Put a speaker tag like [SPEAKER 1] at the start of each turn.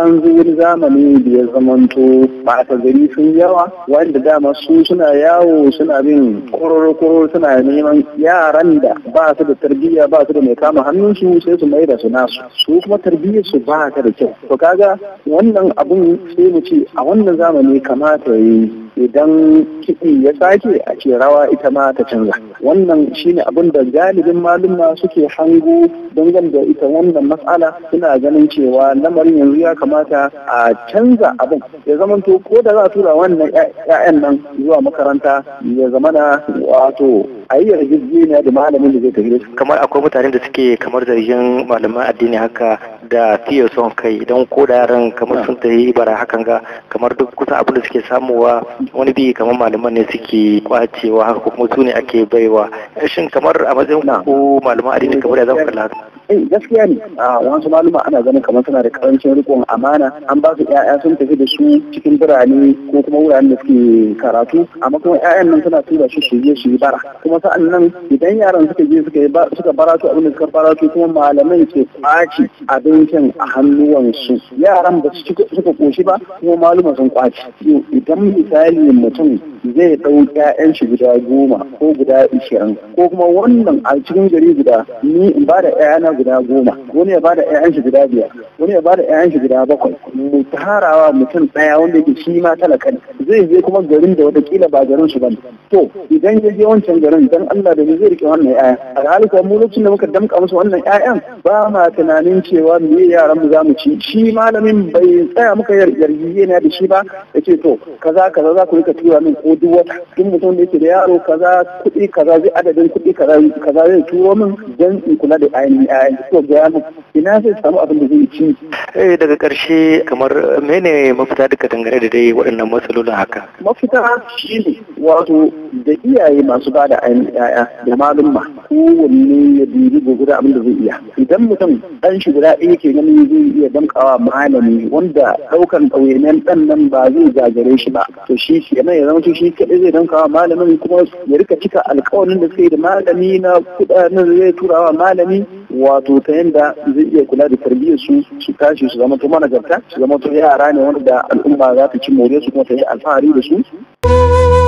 [SPEAKER 1] an zo zamani da ya zamanto ɓata gari sun yawa wanda dama su suna yawo suna bin kororo suna neman yaran da ba su da tarbiyya ba su da mai kama hannun su sai su mai da su nasu su kuma tarbiyyar su ba ta da kyau to kaga wannan abun sai mu ce a wannan zamani kamata ya yi idan kiɗi ya sake a ce rawa ita ma ta canza wannan shine abin da galibin malumma suke hango dangane da ita wannan matsala suna ganin cewa lamarin yanzu ya kamata a canza abin ya zamanto ko da za a tura wannan 'ya'yan nan zuwa makaranta ya zama
[SPEAKER 2] na wato a yi yarjejeniya da malamin da zai tafi kamar akwai mutanen da suke kamar zargin malaman addini haka da fiye son kai don ko da yaran kamar sun tafi bara hakan ga kamar duk kusan abin da suke samuwa wani bi kamar malaman ne suke kwacewa haka kuma su ne ake baiwa eh, shin kamar a matsayin ku malaman addini kamar ya zama kalla
[SPEAKER 1] eh gaskiya ne a ah, wasu maluma ana ganin kamar suna da karancin rikon amana an ba su ƴaƴa sun tafi da su cikin birane ko kuma wuraren da suke karatu amma kuma ƴaƴan nan suna tura su su je su yi bara kuma sa'an nan idan yaran suka je suka yi suka su abin da suka baratu kuma malamai ke kwaci abincin a hannuwansu yaran ba su suka koshi ba kuma maluma sun kwaci idan misali mutum zai ɗau ƴaƴan shi guda goma ko guda ishirin ko kuma wannan a cikin gari guda ni in ba da na guda goma wani ya bada ƴaƴan shi guda biyar wani ya bada ƴaƴan shi guda bakwai mu tarawa mutum ɗaya wanda yake shi ma talaka zai je kuma garin da watakila ba garin su bane to idan ya je wancan garin dan Allah da zai rike wannan ƴaƴan alhali mu lokacin da muka damƙa musu wannan ƴaƴan ba ma tunanin cewa mu yaran mu za mu ci shi malamin bai tsaya muka yarjejeniya da shi ba Ya ce to kaza kaza za ku rika tura min ko duk wata duk mutum da yake da yaro kaza kuɗi kaza zai adadin kuɗi kaza zai turo min don in kula da ayin ayin
[SPEAKER 2] ko ga ina zai samu abin da zai ci eh daga ƙarshe kamar mene mafita duka dangane da dai waɗannan matsalolin haka mafita
[SPEAKER 1] shine wato da iyaye masu ba da ayin yaya da malumma kowanne ya dubi guguda abin da zai iya idan mutum ɗan shi guda ɗaya ke ganin zai iya damƙawa malami wanda ɗaukan ɗauyenan ɗan nan ba zai gagare shi ba to shi kenan ya zama shi kaɗai zai damƙawa malamin kuma ya rika cika alƙawarin da sai da malami na kuɗaɗen zai turawa malami wato ta yadda zai iya kula da tarbiyyar su su tashi su zama to managarta su zama to yara ne wanda al'umma za ta ci more su kuma ta yi alfahari da su.